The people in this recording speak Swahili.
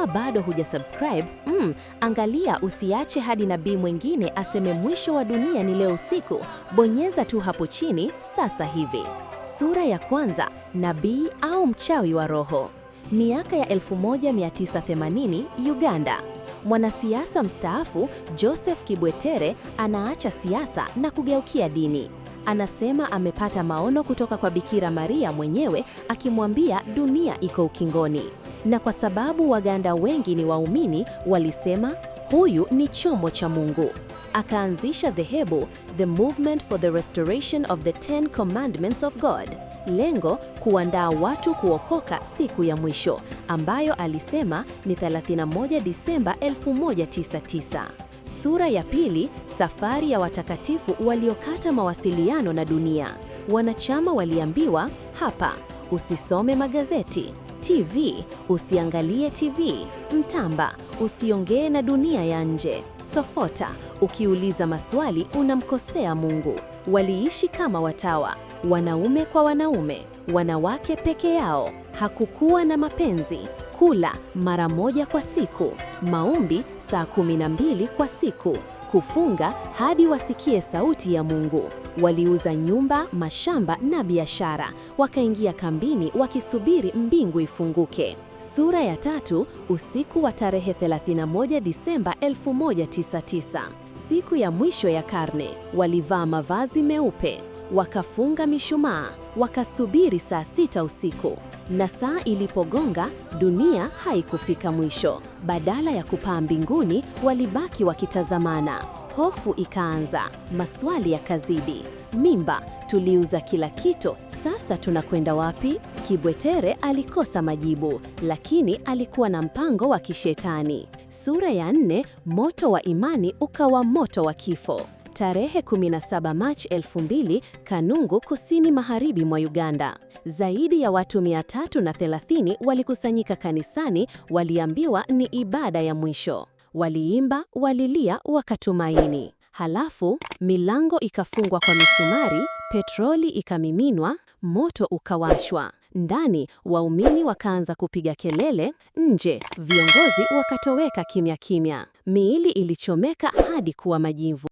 Kama bado hujasubscribe, mm, angalia usiache hadi nabii mwingine aseme mwisho wa dunia ni leo usiku. Bonyeza tu hapo chini sasa hivi. Sura ya kwanza, nabii au mchawi wa roho. Miaka ya 1980 Uganda. Mwanasiasa mstaafu Joseph Kibwetere anaacha siasa na kugeukia dini. Anasema amepata maono kutoka kwa Bikira Maria mwenyewe akimwambia dunia iko ukingoni na kwa sababu Waganda wengi ni waumini, walisema huyu ni chombo cha Mungu. Akaanzisha dhehebu The Movement for the Restoration of the Ten Commandments of God, lengo kuandaa watu kuokoka siku ya mwisho ambayo alisema ni 31 Disemba 1999. Sura ya pili, safari ya watakatifu waliokata mawasiliano na dunia. Wanachama waliambiwa hapa, usisome magazeti. TV usiangalie TV, mtamba usiongee na dunia ya nje, sofota ukiuliza maswali unamkosea Mungu. Waliishi kama watawa, wanaume kwa wanaume, wanawake peke yao. Hakukuwa na mapenzi, kula mara moja kwa siku, maombi saa 12 kwa siku kufunga hadi wasikie sauti ya Mungu. Waliuza nyumba, mashamba na biashara, wakaingia kambini wakisubiri mbingu ifunguke. Sura ya tatu, usiku wa tarehe 31 Disemba 1999. Siku ya mwisho ya karne, walivaa mavazi meupe Wakafunga mishumaa, wakasubiri saa sita usiku, na saa ilipogonga dunia haikufika mwisho. Badala ya kupaa mbinguni, walibaki wakitazamana. Hofu ikaanza, maswali yakazidi. Mimba, tuliuza kila kitu, sasa tunakwenda wapi? Kibwetere alikosa majibu, lakini alikuwa na mpango wa kishetani. Sura ya nne, moto wa imani ukawa moto wa kifo tarehe 17 Machi 2000 Kanungu, kusini magharibi mwa Uganda. Zaidi ya watu 330 walikusanyika kanisani, waliambiwa ni ibada ya mwisho. Waliimba, walilia, wakatumaini. Halafu milango ikafungwa kwa misumari, petroli ikamiminwa, moto ukawashwa. Ndani waumini wakaanza kupiga kelele, nje viongozi wakatoweka kimya kimya. Miili ilichomeka hadi kuwa majivu.